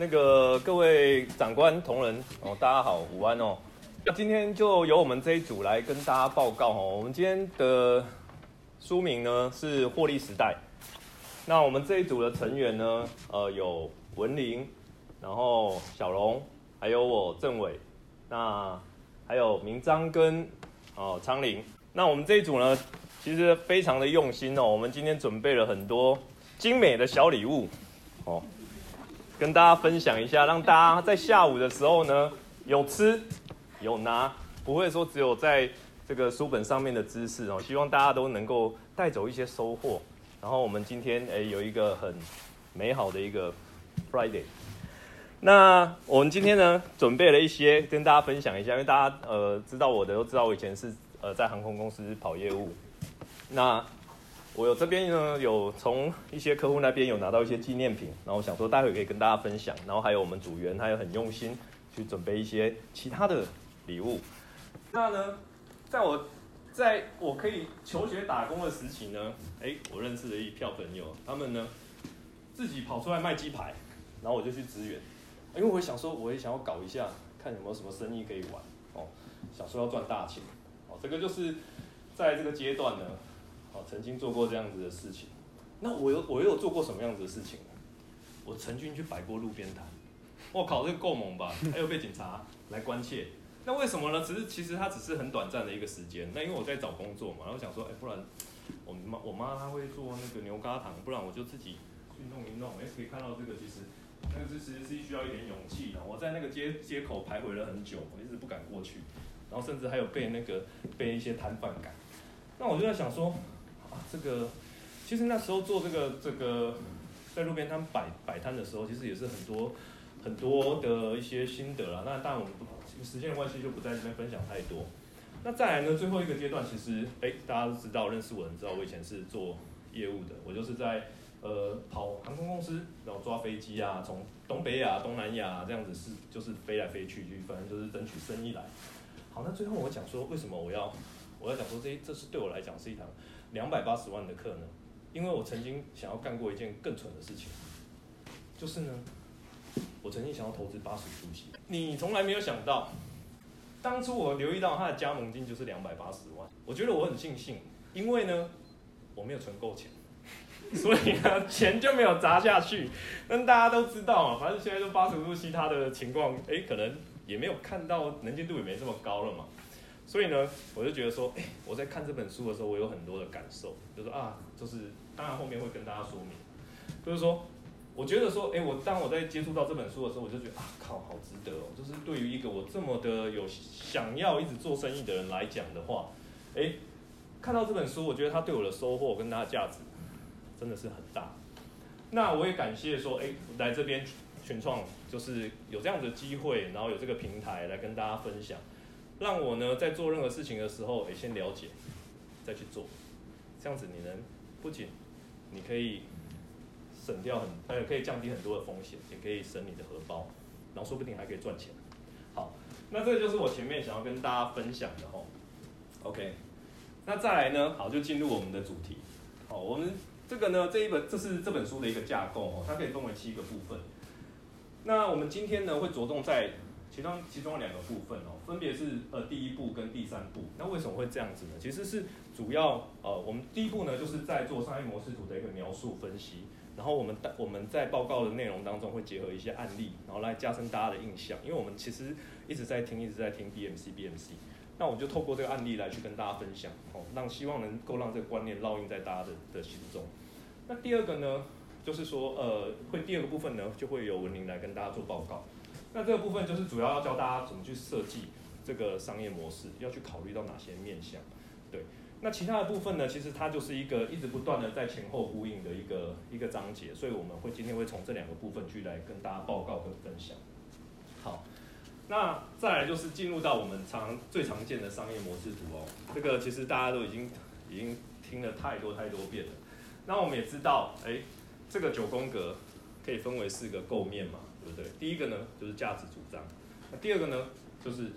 那個各位長官同仁哦，大家好，午安哦。那今天就由我們這一組來跟大家報告哦，我們今天的書名呢是《獲利世代》。那我們這一組的成員呢，呃，有文林，然後小龍，還有我鄭偉，那還有明章跟，哦，昌齡。那我們這一組呢，其實非常的用心哦，我們今天準備了很多精美的小禮物哦。跟大家分享一下，讓大家在下午的時候呢有吃有拿，不會說只有在這個書本上面的知識哦。希望大家都能夠帶走一些收穫。然後我們今天誒有一個很美好的一個 Friday。那我們今天呢準備了一些跟大家分享一下，因為大家呃知道我的都知道我以前是呃在航空公司跑業務，那。我有這邊呢，有從一些客戶那邊有拿到一些紀念品，然後我想說待會可以跟大家分享。然後還有我們組員，他也很用心去準備一些其他的禮物。那呢，在我在我可以求學打工的時期呢，欸，我認識了一票朋友，他們呢自己跑出來賣雞排，然後我就去支援，因為我想說我也想要搞一下，看有沒有什麼生意可以玩哦，想說要賺大錢哦，這個就是在這個階段呢。好，曾經做過這樣子的事情，那我，我又我有做過什麼樣子的事情呢？我曾經去擺過路邊攤，我靠，這個夠猛吧？還有被警察來關切，那為什麼呢？只是其實它只是很短暫的一個時間，那因為我在找工作嘛，然後想說，哎、欸，不然我媽我媽她會做那個牛軋糖，不然我就自己去弄一弄。哎、欸，可以看到這個其實那個是其實是需要一點勇氣的。我在那個街街口徘徊了很久，我一直不敢過去，然後甚至還有被那個被一些攤販趕。那我就在想說。啊，這個其實那時候做這個這個在路邊攤擺擺攤的時候，其實也是很多很多的一些心得了。那當然我們不時間的關係就不在這邊分享太多。那再來呢，最後一個階段，其實哎、欸，大家都知道，認識我的人知道我以前是做業務的，我就是在呃跑航空公司，然後抓飛機啊，從東北亞、東南亞、啊、這樣子是就是飛來飛去，就反正就是爭取生意來。好，那最後我講說，為什麼我要我要講說這這是對我來講是一堂。兩百八十萬的課呢，因為我曾經想要幹過一件更蠢的事情，就是呢，我曾經想要投資八十五度 C。你從來沒有想到，當初我留意到他的加盟金就是兩百八十萬，我覺得我很慶幸，因為呢，我沒有存夠錢，所以呢，錢就沒有砸下去。但大家都知道，反正現在就八十五度 C 他的情況，欸，可能也沒有看到能見度也沒這麼高了嘛。所以呢，我就覺得說、欸，我在看這本書的時候，我有很多的感受，就是啊，就是當然、啊、後面會跟大家說明，就是說，我覺得說，誒、欸，我當我在接觸到這本書的時候，我就覺得啊，靠，好值得哦，就是對於一個我這麼的有想要一直做生意的人來講的話、欸，看到這本書，我覺得它對我的收穫跟它的價值真的是很大。那我也感謝說，誒、欸，來這邊群創，就是有這樣的機會，然後有這個平台來跟大家分享。讓我呢，在做任何事情的時候，也先了解，再去做，這樣子你能不僅你可以省掉很，哎，可以降低很多的風險，也可以省你的荷包，然後說不定還可以賺錢。好，那這個就是我前面想要跟大家分享的哦。OK，那再來呢，好，就進入我們的主題。好，我們這個呢，這一本這是這本書的一個架構哦，它可以分為七個部分。那我們今天呢，會着重在。其中其中兩個部分哦，分別是呃第一步跟第三步。那為什麼會這樣子呢？其實是主要呃我們第一步呢，就是在做商業模式圖的一個描述分析。然後我們我們在報告的內容當中會結合一些案例，然後來加深大家的印象。因為我們其實一直在聽一直在聽 BMC BMC，那我就透過這個案例來去跟大家分享，哦，讓希望能夠讓這個觀念烙印在大家的的心中。那第二個呢，就是說呃會第二個部分呢，就會由文玲來跟大家做報告。那這個部分就是主要要教大家怎麼去設計這個商業模式，要去考慮到哪些面向。對，那其他的部分呢，其實它就是一個一直不斷的在前後呼應的一個一個章節，所以我們會今天會從這兩個部分去來跟大家報告跟分享。好，那再來就是進入到我們常最常見的商業模式圖哦，這個其實大家都已經已經聽了太多太多遍了。那我們也知道，哎，這個九宮格可以分為四個構面嘛。對不對？第一個呢，就是價值主張。那第二個呢，就是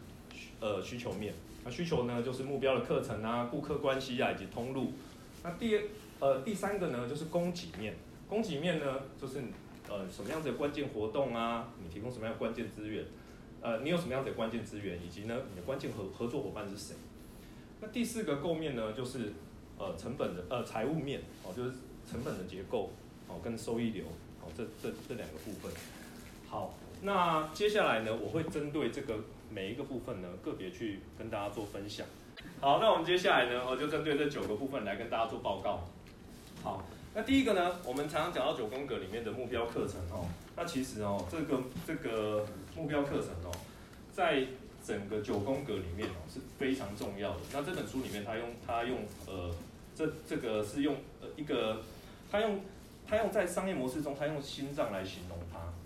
呃需求面。那需求呢，就是目標客層啊、顧客關係啊以及通路。那第二呃第三個呢，就是供給面。供給面呢，就是呃什麼樣子的關鍵活動啊，你提供什麼樣的關鍵資源，呃，你有什麼樣的關鍵資源，以及呢，你的關鍵合合作夥伴是誰。那第四個構面呢，就是呃成本的呃財務面，哦，就是成本的結構哦跟收益流哦這這這兩個部分。好，那接下來呢，我會針對這個每一個部分呢，個別去跟大家做分享。好，那我們接下來呢，我就針對這九個部分來跟大家做報告。好，那第一個呢，我們常常講到九宮格裡面的目標客層哦，那其實哦，這個這個目標客層哦，在整個九宮格裡面哦，是非常重要的。那這本書裡面他用他用呃，這這個是用呃一個，他用他用在商業模式中，他用心臟來形容。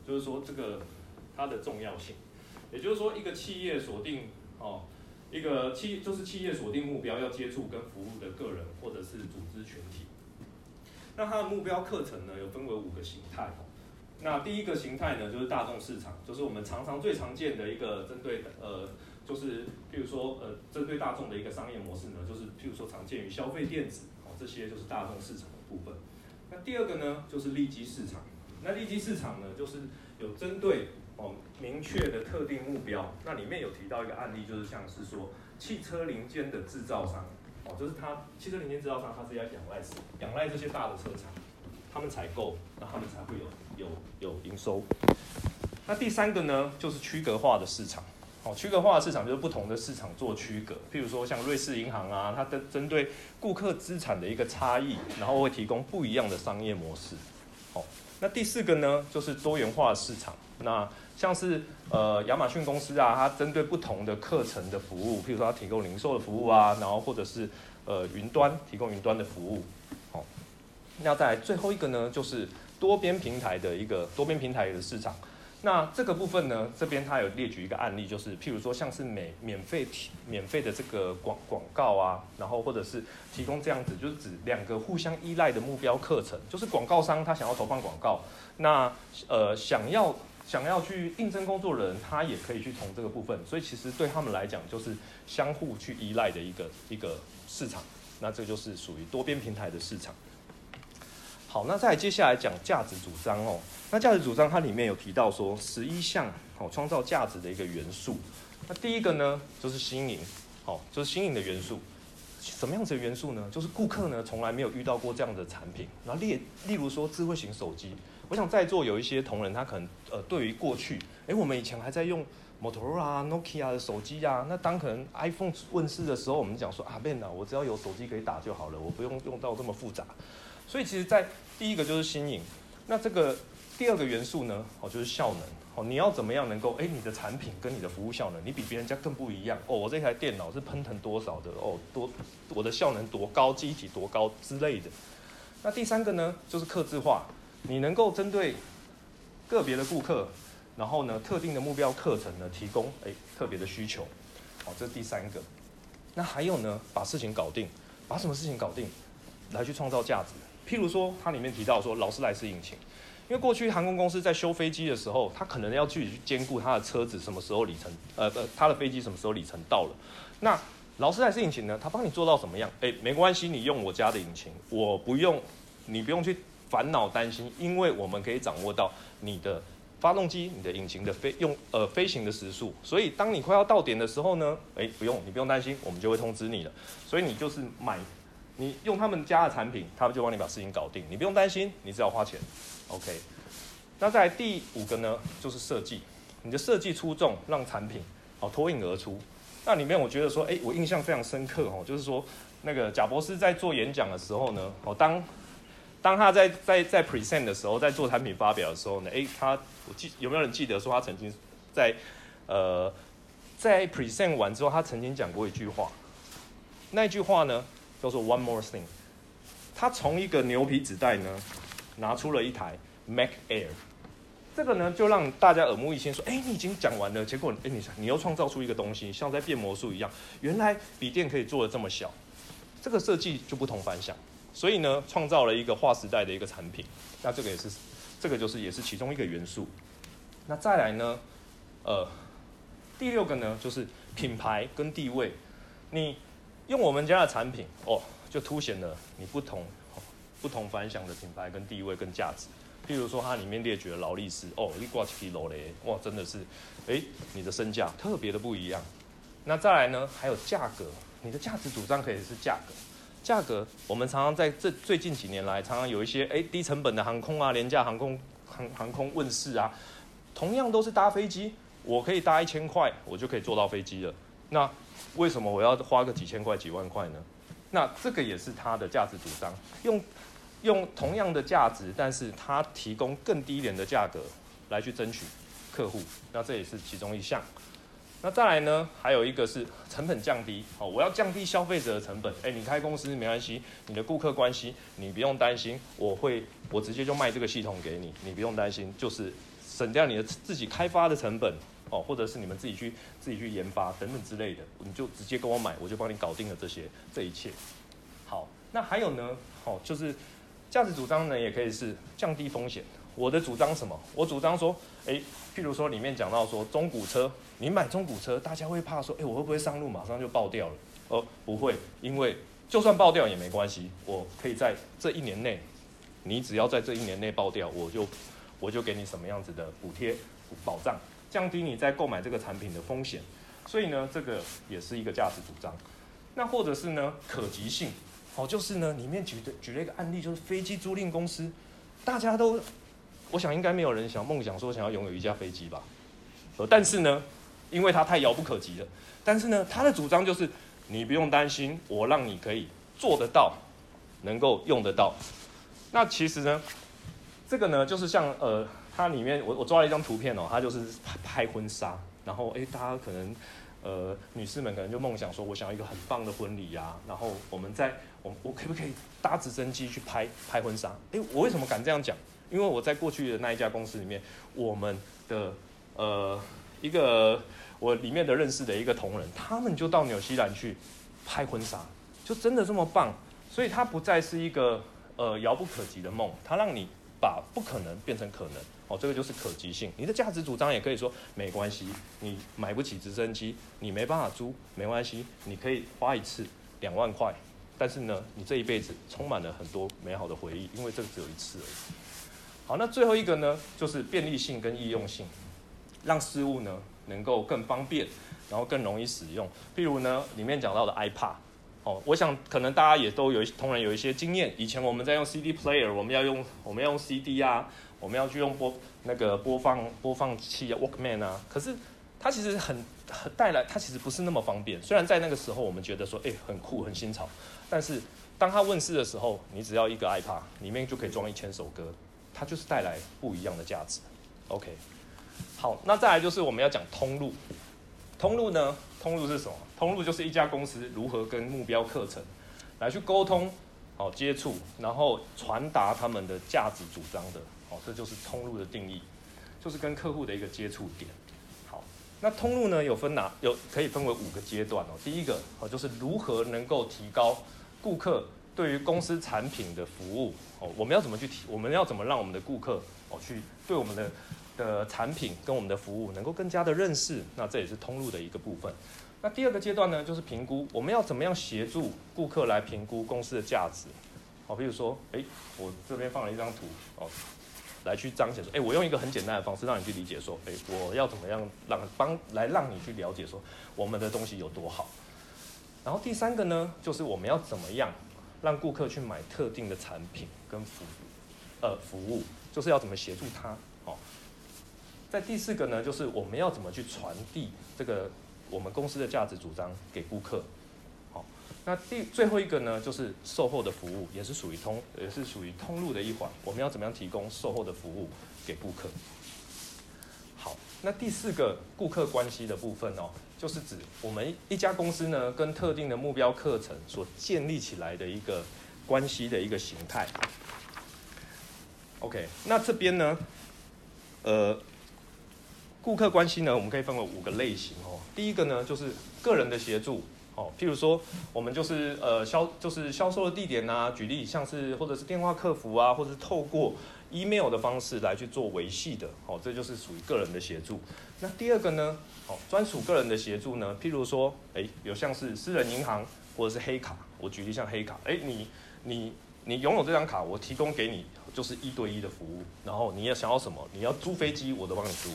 就是說，這個它的重要性，也就是說，一個企業鎖定哦，一個企就是企業鎖定目標要接觸跟服務的個人或者是組織群體。那它的目標客層呢，有分為五個形態。那第一個形態呢，就是大眾市場，就是我們常常最常見的一個針對呃，就是譬如說呃，針對大眾的一個商業模式呢，就是譬如說常見於消費電子哦，這些就是大眾市場的部分。那第二個呢，就是利基市場。那利基市場呢，就是有針對哦，明確的特定目標。那裡面有提到一個案例，就是像是說汽車零件的製造商哦，就是他汽車零件製造商，他是要仰賴仰賴這些大的車廠，他們採購，那他們才會有有有營收。那第三個呢，就是區隔化的市場哦，區隔化的市場就是不同的市場做區隔，譬如說像瑞士銀行啊，它針針對顧客資產的一個差異，然後會提供不一樣的商業模式哦。那第四個呢，就是多元化的市場。那像是呃亞馬遜公司啊，它針對不同的課程的服務，譬如說它提供零售的服務啊，然後或者是呃，雲端提供雲端的服務。好，那再來最後一個呢，就是多邊平台的一個多邊平台的市場。那這個部分呢，這邊它有列舉一個案例，就是譬如說像是美免免費提免費的這個廣廣告啊，然後或者是提供這樣子，就是指兩個互相依賴的目標課程，就是廣告商他想要投放廣告，那呃想要想要去應徵工作的人，他也可以去從這個部分，所以其實對他們來講就是相互去依賴的一個一個市場，那這就是屬於多邊平台的市場。好，那再接下來講價值主張哦。那價值主張它裡面有提到說十一項好創造價值的一個元素。那第一個呢，就是新穎，好、哦，就是新穎的元素。什麼樣子的元素呢？就是顧客呢從來沒有遇到過這樣的產品。那例例如說智慧型手機，我想在座有一些同仁他可能呃，對於過去，哎，我們以前還在用 Motorola、Nokia 的手機呀、啊。那當可能 iPhone 問世的時候，我們講說啊，Ben 吶，我只要有手機可以打就好了，我不用用到這麼複雜。所以其實，在第一個就是新穎，那這個第二個元素呢，哦就是效能，哦你要怎麼樣能夠，哎、欸、你的產品跟你的服務效能，你比別人家更不一樣，哦我這台電腦是噴騰多少的，哦多，我的效能多高，記憶體多高之類的。那第三個呢，就是客製化，你能夠針對個別的顧客，然後呢特定的目標課程呢提供，哎、欸、特別的需求，哦這是第三個。那還有呢，把事情搞定，把什麼事情搞定，來去創造價值。譬如說，它裡面提到說勞斯萊斯引擎，因為過去航空公司在修飛機的時候，它可能要去兼顧它的車子什麼時候里程，呃呃，它的飛機什麼時候里程到了。那勞斯萊斯引擎呢？它幫你做到什麼樣？誒，沒關係，你用我家的引擎，我不用，你不用去煩惱擔心，因為我們可以掌握到你的發動機、你的引擎的飛用呃飛行的時速。所以當你快要到點的時候呢，誒，不用你不用擔心，我們就會通知你了。所以你就是買。你用他們家的產品，他們就幫你把事情搞定，你不用擔心，你只要花錢，OK。那在第五個呢，就是設計，你的設計出眾，讓產品好脫穎而出。那裡面我覺得說，哎、欸，我印象非常深刻哦，就是說那個賈博士在做演講的時候呢，哦，當當他在在在，在 present 的時候，在做產品發表的時候呢，哎、欸，他我記有沒有人記得說他曾經在呃在 present 完之後，他曾經講過一句話，那句話呢？叫做 one more thing，他從一個牛皮紙袋呢拿出了一台 Mac Air，這個呢就讓大家耳目一新，說：“哎、欸，你已經講完了。”結果，哎、欸，你你又創造出一個東西，像在變魔術一樣。原來筆電可以做的這麼小，這個設計就不同凡響，所以呢，創造了一個劃時代的一個產品。那這個也是，這個就是也是其中一個元素。那再來呢，呃，第六個呢就是品牌跟地位，你。用我們家的產品哦，就凸顯了你不同，哦、不同凡響的品牌跟地位跟價值。譬如說，它裡面列舉了勞力士、哦，力掛皮、勞雷，哇，真的是，哎、欸，你的身價特別的不一樣。那再來呢，還有價格，你的價值主張可以是價格。價格，我們常常在這最近幾年來，常常有一些哎、欸，低成本的航空啊，廉價航空、航航空問世啊，同樣都是搭飛機，我可以搭一千塊，我就可以坐到飛機了。那。為什麼我要花個幾千塊、幾萬塊呢？那這個也是它的價值主張，用用同樣的價值，但是它提供更低廉的價格來去爭取客戶，那這也是其中一項。那再來呢，還有一個是成本降低，好，我要降低消費者的成本，誒、欸，你開公司沒關係，你的顧客關係你不用擔心，我會我直接就賣這個系統給你，你不用擔心，就是。省掉你的自己開發的成本哦，或者是你們自己去自己去研發等等之類的，你就直接跟我買，我就幫你搞定了這些這一切。好，那還有呢，好，就是價值主張呢，也可以是降低風險。我的主張什麼？我主張說，誒、欸，譬如說裡面講到說中古車，你買中古車，大家會怕說，誒、欸，我會不會上路馬上就爆掉了？哦、呃，不會，因為就算爆掉也沒關係，我可以在這一年內，你只要在這一年內爆掉，我就。我就給你什麼樣子的補貼保障，降低你在購買這個產品的風險，所以呢，這個也是一個價值主張。那或者是呢，可及性，好，哦，就是呢，裡面舉的舉了一個案例，就是飛機租賃公司，大家都，我想應該沒有人想夢想說想要擁有一架飛機吧，呃，但是呢，因為它太遙不可及了，但是呢，他的主張就是，你不用擔心，我讓你可以做得到，能夠用得到。那其實呢，這個呢，就是像呃，它裡面我我抓了一張圖片哦，它就是拍婚紗，然後哎，大家可能呃，女士們可能就夢想說，我想要一個很棒的婚禮呀，啊，然後我們在我我可不可以搭直升機去拍拍婚紗？哎，我為什麼敢這樣講？因為我在過去的那一家公司裡面，我們的呃一個我裡面的認識的一個同仁，他們就到紐西蘭去拍婚紗，就真的這麼棒，所以它不再是一個呃遙不可及的夢，它讓你。把不可能變成可能，哦，這個就是可及性。你的價值主張也可以說沒關係，你買不起直升機，你沒辦法租，沒關係，你可以花一次兩萬塊，但是呢，你這一輩子充滿了很多美好的回憶，因為這個只有一次而已。好，那最後一個呢，就是便利性跟易用性，讓事物呢能夠更方便，然後更容易使用。譬如呢，裡面講到的 iPad，哦，我想可能大家也都有一，同仁有一些經驗。以前我們在用 CD player，我們要用，我們要用 CD 啊，我們要去用播那個播放播放器啊 Walkman 啊。可是它其實很很帶來，它其實不是那麼方便。雖然在那個時候我們覺得說，哎、欸，很酷，很新潮。但是當它問世的時候，你只要一個 iPod，裡面就可以裝一千首歌，它就是帶來不一樣的價值。OK，好，那再來就是我們要講通路。通路呢？通路是什麼？通路就是一家公司如何跟目標客戶來去溝通、好、哦、接觸，然後傳達他們的價值主張的。好、哦，這就是通路的定義，就是跟客戶的一個接觸點。好，那通路呢有分哪？有可以分為五個階段哦。第一個哦，就是如何能夠提高顧客對於公司產品的服務哦。我們要怎麼去提？我們要怎麼讓我們的顧客哦去對我們的？的產品跟我們的服務能夠更加的認識，那這也是通路的一個部分。那第二個階段呢，就是評估，我們要怎麼樣協助顧客來評估公司的價值？好，比如說，哎、欸，我這邊放了一張圖哦、喔，來去彰顯說，哎、欸，我用一個很簡單的方式讓你去理解說，哎、欸，我要怎麼樣讓幫來讓你去了解說我們的東西有多好。然後第三個呢，就是我們要怎麼樣讓顧客去買特定的產品跟服呃服務，就是要怎麼協助他？哦、喔。在第四個呢，就是我們要怎麼去傳遞這個我們公司的價值主張給顧客。好，那第最後一個呢，就是售後的服務，也是屬於通，也是屬於通路的一環。我們要怎麼樣提供售後的服務給顧客？好，那第四個顧客關係的部分呢、哦，就是指我們一家公司呢，跟特定的目標課程所建立起來的一個關係的一個形態。OK，那這邊呢，呃。顧客關係呢，我們可以分為五個類型哦。第一個呢，就是個人的協助哦，譬如說，我們就是呃銷就是銷售的地點吶，啊，舉例像是或者是電話客服啊，或者是透過 email 的方式來去做維繫的哦，這就是屬於個人的協助。那第二個呢，哦，專屬個人的協助呢，譬如說，哎、欸、有像是私人銀行或者是黑卡，我舉例像黑卡，哎、欸、你你你擁有這張卡，我提供給你就是一對一的服務，然後你要想要什麼，你要租飛機，我都幫你租。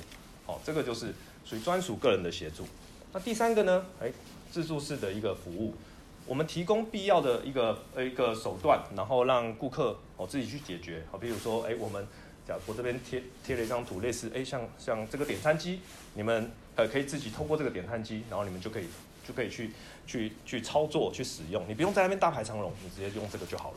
好，這個就是屬於專屬個人的協助。那第三個呢？哎，自助式的一個服務，我們提供必要的一個呃一個手段，然後讓顧客哦自己去解決。好，比如說哎，我們假如我這邊貼貼了一張圖，類似哎像像這個點餐機，你們呃可以自己通過這個點餐機，然後你們就可以就可以去去去操作去使用，你不用在那邊大排長龍，你直接用這個就好了。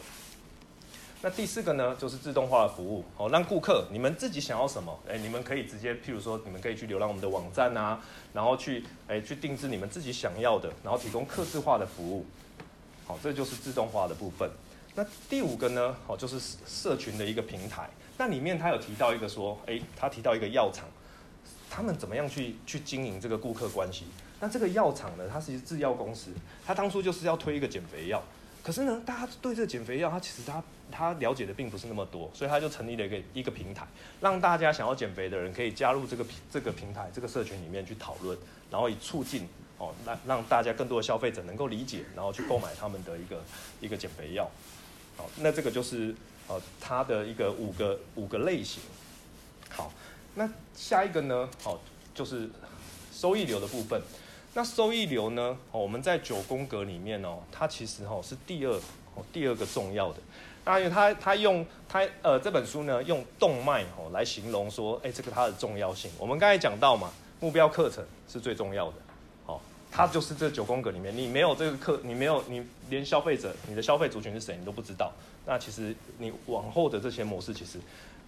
那第四個呢，就是自動化的服務，好，讓顧客你們自己想要什麼，誒，你們可以直接，譬如說，你們可以去瀏覽我們的網站啊，然後去，誒，去定制你們自己想要的，然後提供客制化的服務，好，這就是自動化的部分。那第五個呢，好，就是社群的一個平台，那裡面他有提到一個說，誒，他提到一個藥廠，他們怎麼樣去去經營這個顧客關係？那這個藥廠呢，它是一制藥公司，它當初就是要推一個減肥藥。可是呢，大家對這減肥藥，它其實它它了解的並不是那麼多，所以它就成立了一個一個平台，讓大家想要減肥的人可以加入這個平這個平台這個社群裡面去討論，然後以促進哦，讓讓大家更多的消費者能夠理解，然後去購買他們的一個一個減肥藥。好，那這個就是哦，它的一個五個五個類型。好，那下一個呢？好，哦，就是收益流的部分。那收益流呢？哦，我們在九宮格裡面哦，它其實哦是第二哦第二個重要的。那因為它它用它呃這本書呢用動脈哦來形容說，哎，這個它的重要性。我們剛才講到嘛，目標課程是最重要的，好，它就是這九宮格裡面，你沒有這個課，你沒有你連消費者，你的消費族群是誰你都不知道，那其實你往後的這些模式其實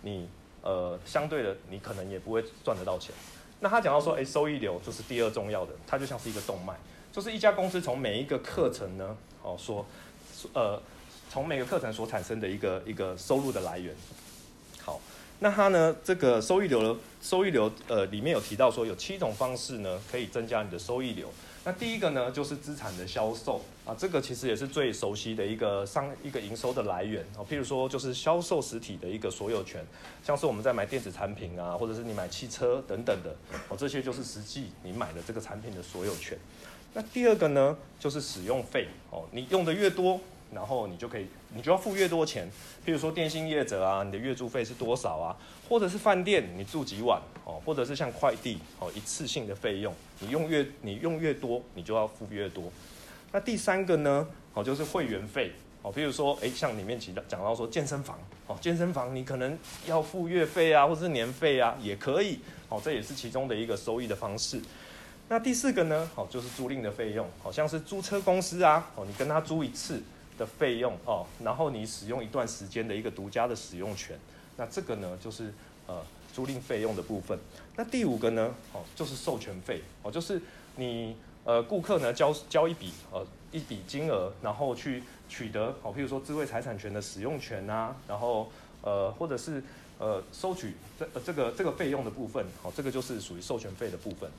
你呃相對的你可能也不會賺得到錢。那他講到說，誒、欸，收益流就是第二重要的，它就像是一個動脈，就是一家公司從每一個課程呢，哦，說，呃，從每個課程所產生的一個一個收入的來源。好，那他呢，這個收益流的收益流，呃，裡面有提到說，有七種方式呢，可以增加你的收益流。那第一個呢，就是資產的銷售啊，這個其實也是最熟悉的一個商，一個營收的來源啊。譬如說，就是銷售實體的一個所有權，像是我們在買電子產品啊，或者是你買汽車等等的，哦，這些就是實際你買的這個產品的所有權。那第二個呢，就是使用費哦，你用的越多，然後你就可以，你就要付越多錢。比如說電信業者啊，你的月租費是多少啊？或者是飯店，你住幾晚哦？或者是像快遞哦，一次性的費用，你用越你用越多，你就要付越多。那第三個呢？哦，就是會員費哦。比如說，哎，像裡面提到講到說健身房哦，健身房你可能要付月費啊，或者是年費啊，也可以哦。這也是其中的一個收益的方式。那第四個呢？哦，就是租賃的費用，好像是租車公司啊哦，你跟他租一次的費用哦，然後你使用一段時間的一個獨家的使用權，那這個呢就是呃租賃費用的部分。那第五個呢哦，就是授權費哦，就是你呃顧客呢交交一筆呃、哦、一筆金額，然後去取得哦，譬如說智慧財產權的使用權啊，然後呃或者是呃收取這、呃、這個、這個、這個費用的部分哦，這個就是屬於授權費的部分。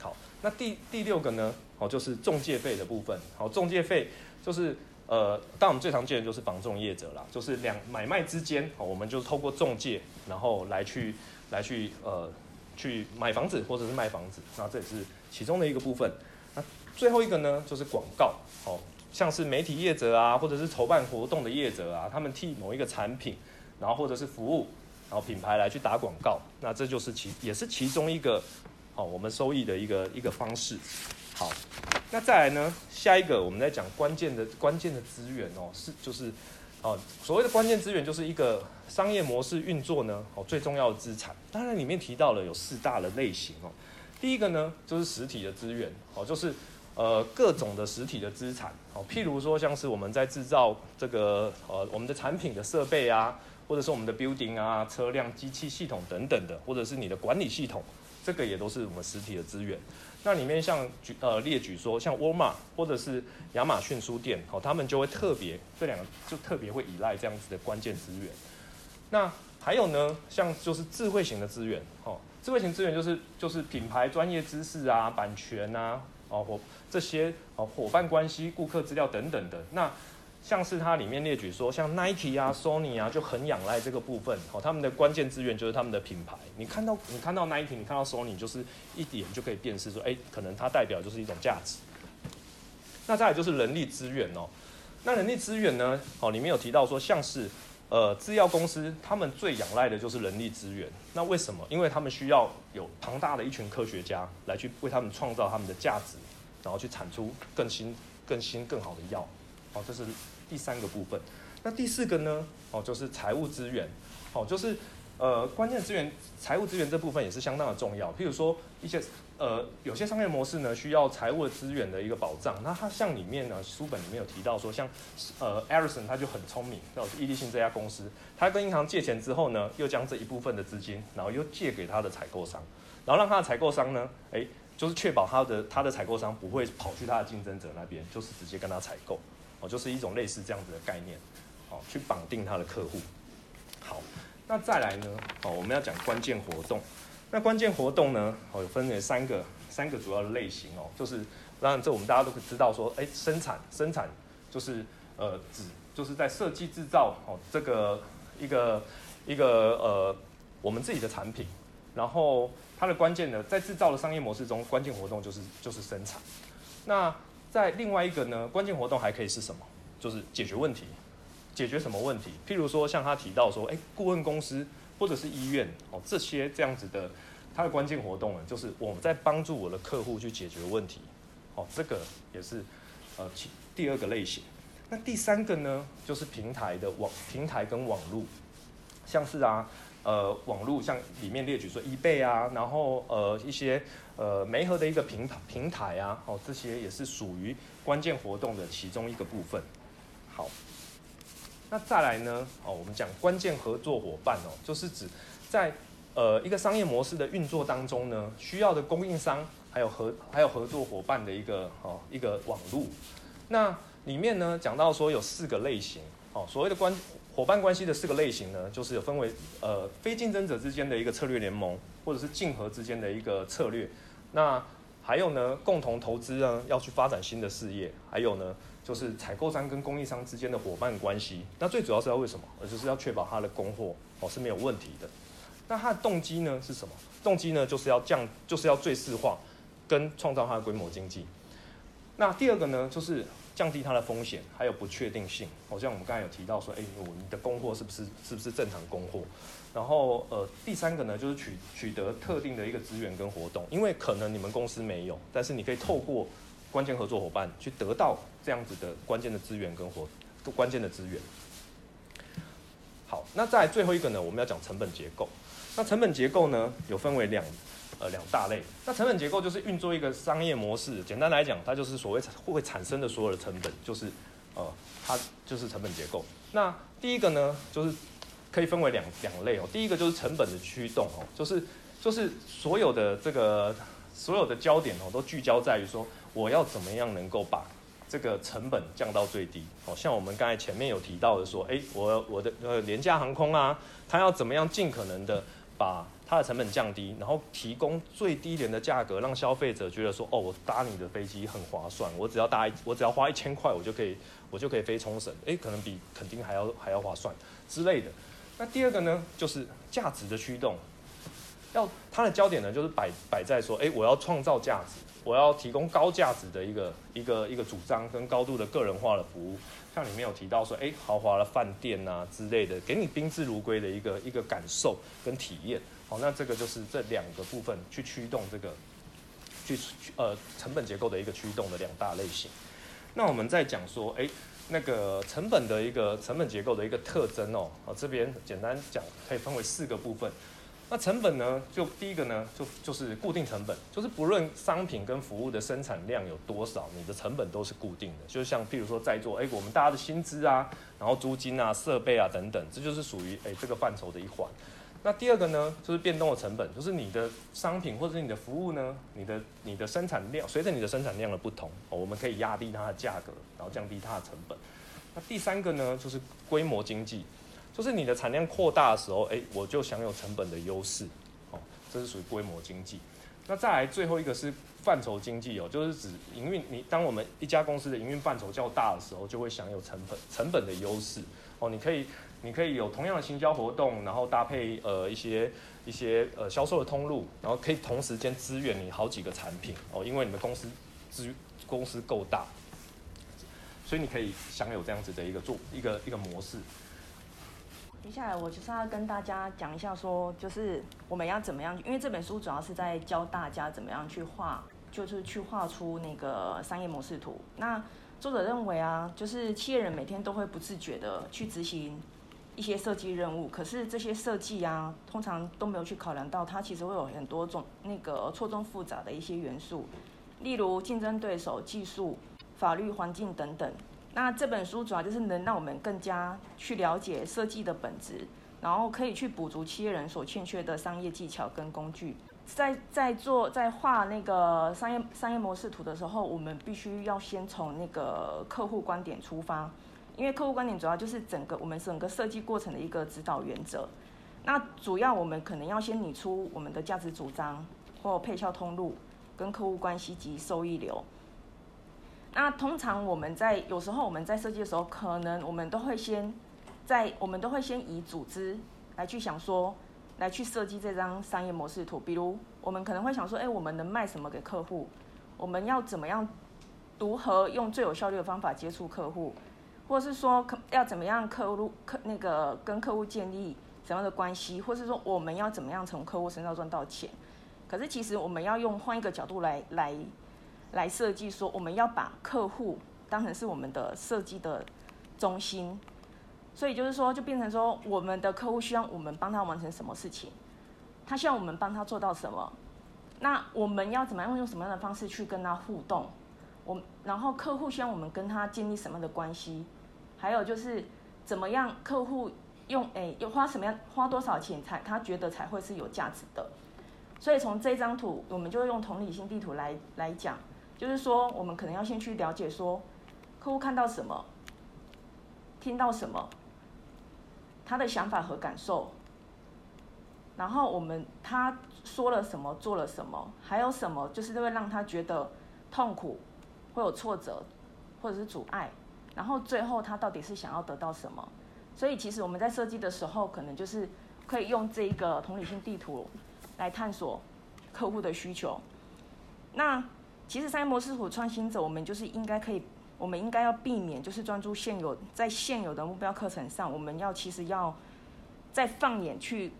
好，那第第六個呢哦，就是中介費的部分。好、哦，中介費就是。呃，但我們最常見的就是房仲業者啦，就是兩買賣之間，好、哦，我們就透過中介，然後來去來去，呃，去買房子或者是賣房子，那這也是其中的一個部分。那最後一個呢，就是廣告，好、哦，像是媒體業者啊，或者是籌辦活動的業者啊，他們替某一個產品，然後或者是服務，然後品牌來去打廣告，那這就是其也是其中一個，好、哦，我們收益的一個一個方式。好，那再來呢？下一個，我們在講關鍵的關鍵的資源哦，是就是哦、呃，所謂的關鍵資源，就是一個商業模式運作呢哦最重要的資產。當然裡面提到了有四大的類型哦。第一個呢，就是實體的資源哦，就是呃各種的實體的資產哦，譬如說像是我們在製造這個呃我們的產品的設備啊，或者是我們的 building 啊、車輛、機器系統等等的，或者是你的管理系統，這個也都是我們實體的資源。那裡面像舉呃列舉說，像沃爾瑪或者是亞馬遜書店哦，他們就會特別這兩個就特別會依賴這樣子的關鍵資源。那還有呢，像就是智慧型的資源哦，智慧型資源就是就是品牌專業知識啊、版權啊、哦這些哦夥伴關係、顧客資料等等的那。像是它裡面列舉說，像 Nike 啊、Sony 啊，就很仰賴這個部分。好，他們的關鍵資源就是他們的品牌。你看到，你看到 Nike，你看到 Sony，就是一點就可以辨識說，哎、欸，可能它代表就是一種價值。那再來就是人力資源哦、喔。那人力資源呢？好，裡面有提到說，像是呃製藥公司，他們最仰賴的就是人力資源。那為什麼？因為他們需要有龐大的一群科學家來去為他們創造他們的價值，然後去產出更新、更新、更好的藥。哦，這是第三個部分。那第四個呢？哦，就是財務資源。哦，就是呃，關鍵的資源，財務資源這部分也是相當的重要的。譬如說，一些呃，有些商業模式呢，需要財務的資源的一個保障。那它像裡面呢，書本裡面有提到說，像呃，艾瑞森他就很聰明，然後是易利信這家公司，他跟銀行借錢之後呢，又將這一部分的資金，然後又借給他的採購商，然後讓他的採購商呢，哎、欸，就是確保他的他的採購商不會跑去他的競爭者那邊，就是直接跟他採購。哦，就是一種類似這樣子的概念，哦，去綁定他的客戶。好，那再來呢？哦，我們要講關鍵活動。那關鍵活動呢？哦，有分為三個，三個主要的類型哦，就是讓這我們大家都可知道說，哎、欸，生產生產就是呃，指就是在設計製造哦、呃，這個一個一個呃，我們自己的產品。然後它的關鍵呢，在製造的商業模式中，關鍵活動就是就是生產。那在另外一個呢，關鍵活動還可以是什麼？就是解決問題，解決什麼問題？譬如說像他提到說，誒、欸，顧問公司或者是醫院，哦，這些這樣子的，它的關鍵活動呢，就是我在幫助我的客戶去解決問題，好、哦，這個也是呃其第二個類型。那第三個呢，就是平台的網平台跟網絡，像是啊，呃，網絡像裡面列舉說，eBay 啊，然後呃一些。呃，媒合的一個平台平台啊，哦，這些也是屬於關鍵活動的其中一個部分。好，那再來呢，哦，我們講關鍵合作夥伴哦，就是指在呃一個商業模式的運作當中呢，需要的供應商還有合還有合作夥伴的一個哦一個網路。那裡面呢講到說有四個類型哦，所謂的關夥伴關係的四個類型呢，就是有分為呃非競爭者之間的一個策略聯盟，或者是競合之間的一個策略。那還有呢，共同投資啊，要去發展新的事業；還有呢，就是採購商跟供應商之間的夥伴關係。那最主要是要為什麼？就是要確保它的供貨哦是沒有問題的。那它的動機呢是什麼？動機呢就是要降，就是要最適化，跟創造它的規模經濟。那第二個呢，就是降低它的風險，還有不確定性。好像我們剛才有提到說，哎、欸，我們的供貨是不是是不是正常供貨？然後，呃，第三個呢，就是取取得特定的一個資源跟活動，因為可能你們公司沒有，但是你可以透過關鍵合作伙伴去得到這樣子的關鍵的資源跟活，關鍵的資源。好，那再最後一個呢，我們要講成本結構。那成本結構呢，有分為兩，呃，兩大類。那成本結構就是運作一個商業模式，簡單來講，它就是所謂會產生的所有的成本，就是，呃，它就是成本結構。那第一個呢，就是。可以分為兩兩類哦，第一個就是成本的驅動哦，就是就是所有的這個所有的焦點哦，都聚焦在於說我要怎麼樣能夠把這個成本降到最低哦，像我們剛才前面有提到的說，誒，我我的呃廉價航空啊，它要怎麼樣盡可能的把它的成本降低，然後提供最低廉的價格，讓消費者覺得說，哦，我搭你的飛機很划算，我只要搭我只要花一千塊，我就可以我就可以飛沖繩，誒，可能比肯定還要還要划算之類的。那第二個呢，就是價值的驅動，要它的焦點呢，就是擺擺在說，哎、欸，我要創造價值，我要提供高價值的一個一個一個主張跟高度的個人化的服務，像裡面有提到說，哎、欸，豪華的飯店吶、啊、之類的，給你賓至如歸的一個一個感受跟體驗。好，那這個就是這兩個部分去驅動這個，去呃成本結構的一個驅動的兩大類型。那我們再講說，哎、欸。那個成本的一個成本結構的一個特徵哦，這邊簡單講，可以分為四個部分。那成本呢，就第一個呢，就就是固定成本，就是不論商品跟服務的生產量有多少，你的成本都是固定的。就像譬如說在座誒，我們大家的薪資啊，然後租金啊、設備啊等等，這就是屬於誒這個範疇的一環。那第二個呢，就是變動的成本，就是你的商品或者是你的服務呢，你的你的生產量隨着你的生產量的不同哦，我們可以壓低它的價格，然後降低它的成本。那第三個呢，就是規模經濟，就是你的產量擴大的時候，哎、欸，我就享有成本的優勢，哦，這是屬於規模經濟。那再來最後一個是範疇經濟哦，就是指營運，你當我們一家公司的營運範疇較大的時候，就會享有成本成本的優勢，哦，你可以。你可以有同樣的行銷活動，然後搭配呃一些一些呃銷售的通路，然後可以同時間支援你好幾個產品哦，因為你們公司資公司夠大，所以你可以享有這樣子的一個做一個一個模式。接下來我就是要跟大家講一下說，說就是我們要怎麼樣，因為這本書主要是在教大家怎麼樣去畫，就是去畫出那個商業模式圖。那作者認為啊，就是企業人每天都會不自覺的去執行。一些設計任務，可是這些設計啊，通常都沒有去考量到，它其實會有很多種那個錯綜複雜的一些元素，例如競爭對手、技術、法律環境等等。那這本書主要就是能讓我們更加去了解設計的本質，然後可以去補足企業人所欠缺的商業技巧跟工具。在在做在畫那個商業商業模式圖的時候，我們必須要先從那個客戶觀點出發。因為客戶觀點主要就是整個我們整個設計過程的一個指導原則。那主要我們可能要先擬出我們的價值主張或配銷通路，跟客戶關係及收益流。那通常我們在有時候我們在設計的時候，可能我們都會先在我們都會先以組織來去想說，來去設計這張商業模式圖。比如我們可能會想說，誒，我們能賣什麼給客戶？我們要怎麼樣如何用最有效率的方法接觸客戶？或是說，可要怎麼樣客戶客那個跟客戶建立什麼樣的關係，或是說我們要怎麼樣從客戶身上賺到錢？可是其實我們要用換一個角度來來來設計，說我們要把客戶當成是我們的設計的中心。所以就是說，就變成說我們的客戶需要我們幫他完成什麼事情，他需要我們幫他做到什麼？那我們要怎麼樣用什麼樣的方式去跟他互動？我然後客戶需要我們跟他建立什麼樣的關係？還有就是，怎麼樣客戶用哎，要、欸、花什麼樣，花多少錢才他覺得才會是有價值的？所以從這張圖，我們就用同理心地圖來來講，就是說，我們可能要先去了解說，客戶看到什麼，聽到什麼，他的想法和感受，然後我們他說了什麼，做了什麼，還有什麼就是會讓他覺得痛苦，會有挫折或者是阻礙。然後最後他到底是想要得到什麼？所以其實我們在設計的時候，可能就是可以用這一個同理心地圖來探索客戶的需求。那其實三模式五創新者，我們就是應該可以，我們應該要避免，就是專注現有在現有的目標課程上，我們要其實要再放眼去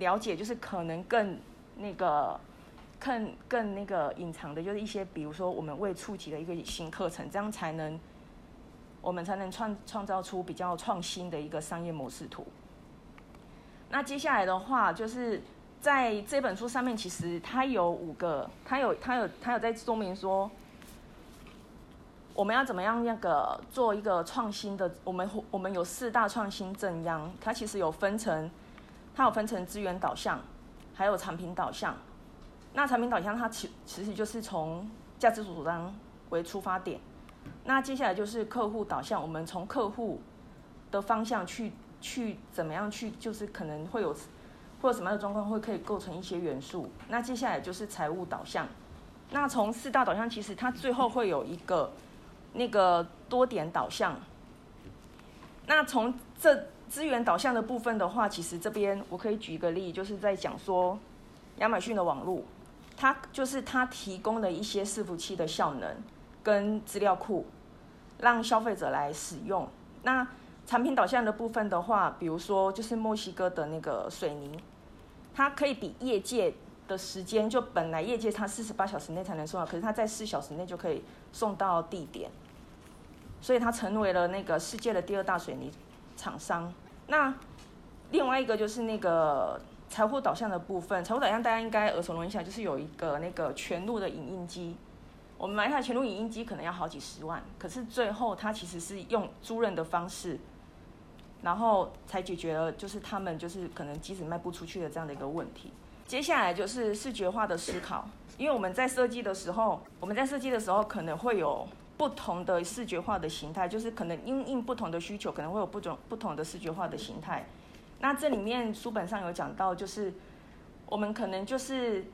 了解，就是可能更那個更更那個隱藏的，就是一些比如說我們未觸及的一個新課程，這樣才能。我們才能創創造出比較創新的一個商業模式圖。那接下來的話，就是在這本書上面，其實它有五個，它有它有它有在說明說，我們要怎麼樣那個做一個創新的，我們我們有四大創新震央，它其實有分成，它有分成資源導向，還有產品導向。那產品導向它其其實就是從價值主張為出發點。那接下來就是客戶導向，我們從客戶的方向去去怎麼樣去，就是可能會有或者什麼樣的狀況會可以構成一些元素。那接下來就是財務導向，那從四大導向其實它最後會有一個那個多點導向。那從這資源導向的部分的話，其實這邊我可以舉一個例，就是在講說亞馬遜的網絡，它就是它提供的一些伺服器的效能，跟資料庫，讓消費者來使用。那產品導向的部分的話，比如說就是墨西哥的那個水泥，它可以比業界的時間，就本來業界它四十八小時內才能送到，可是它在四小時內就可以送到地點，所以它成為了那個世界的第二大水泥廠商。那另外一個就是那個財務導向的部分，財務導向大家應該耳熟能詳，就是有一個那個全錄的影印機。我們買一台全錄影印機可能要好幾十萬，可是最後它其實是用租賃的方式，然後才解決了就是他們就是可能機子賣不出去的這樣的一個問題。接下來就是視覺化的思考，因為我們在設計的時候，我們在設計的時候可能會有不同的視覺化的形態，就是可能因應不同的需求，可能會有不同不同的視覺化的形態。那這裡面書本上有講到，就是我們可能就是。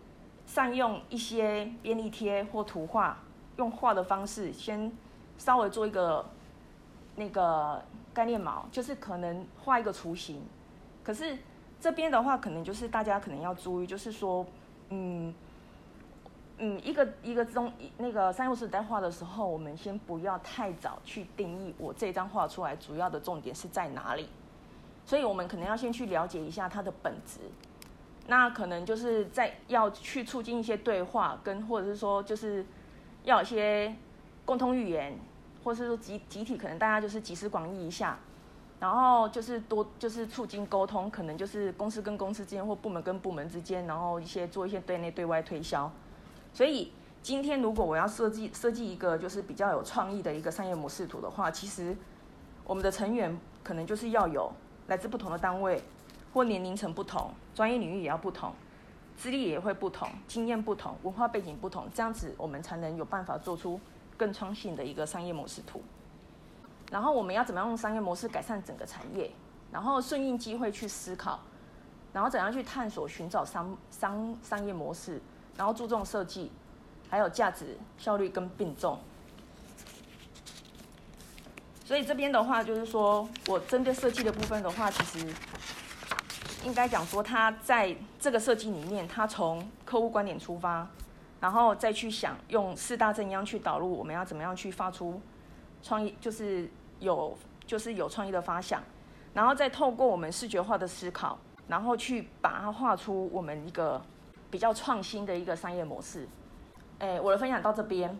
善用一些便利貼或圖畫，用畫的方式先稍微做一個那個概念嘛，就是可能畫一個雛形。可是這邊的話，可能就是大家可能要注意，就是說，嗯嗯，一個一個中那個三要素在畫的時候，我們先不要太早去定義我這張畫出來主要的重點是在哪裡。所以我們可能要先去了解一下它的本質。那可能就是在要去促進一些對話，跟或者是說就是要一些共同語言，或者是說集集體可能大家就是集思廣益一下，然後就是多就是促進溝通，可能就是公司跟公司之間或部門跟部門之間，然後一些做一些對內對外推銷。所以今天如果我要設計設計一個就是比較有創意的一個商業模式圖的話，其實我們的成員可能就是要有來自不同的單位。或年齡層不同，專業領域也要不同，資歷也會不同，經驗不同，文化背景不同，這樣子我們才能有辦法做出更創新的一個商業模式圖。然後我們要怎麼樣用商業模式改善整個產業？然後順應機會去思考，然後怎樣去探索，尋找商商商業模式？然後注重設計，還有價值、效率跟並重。所以這邊的話，就是說我針對設計的部分的話，其實。應該講說，他在這個設計裡面，他從客戶觀點出發，然後再去想用四大正央去導入，我們要怎麼樣去發出創意，就是有就是有創意的發想，然後再透過我們視覺化的思考，然後去把它畫出我們一個比較創新的一個商業模式。哎、欸，我的分享到這邊。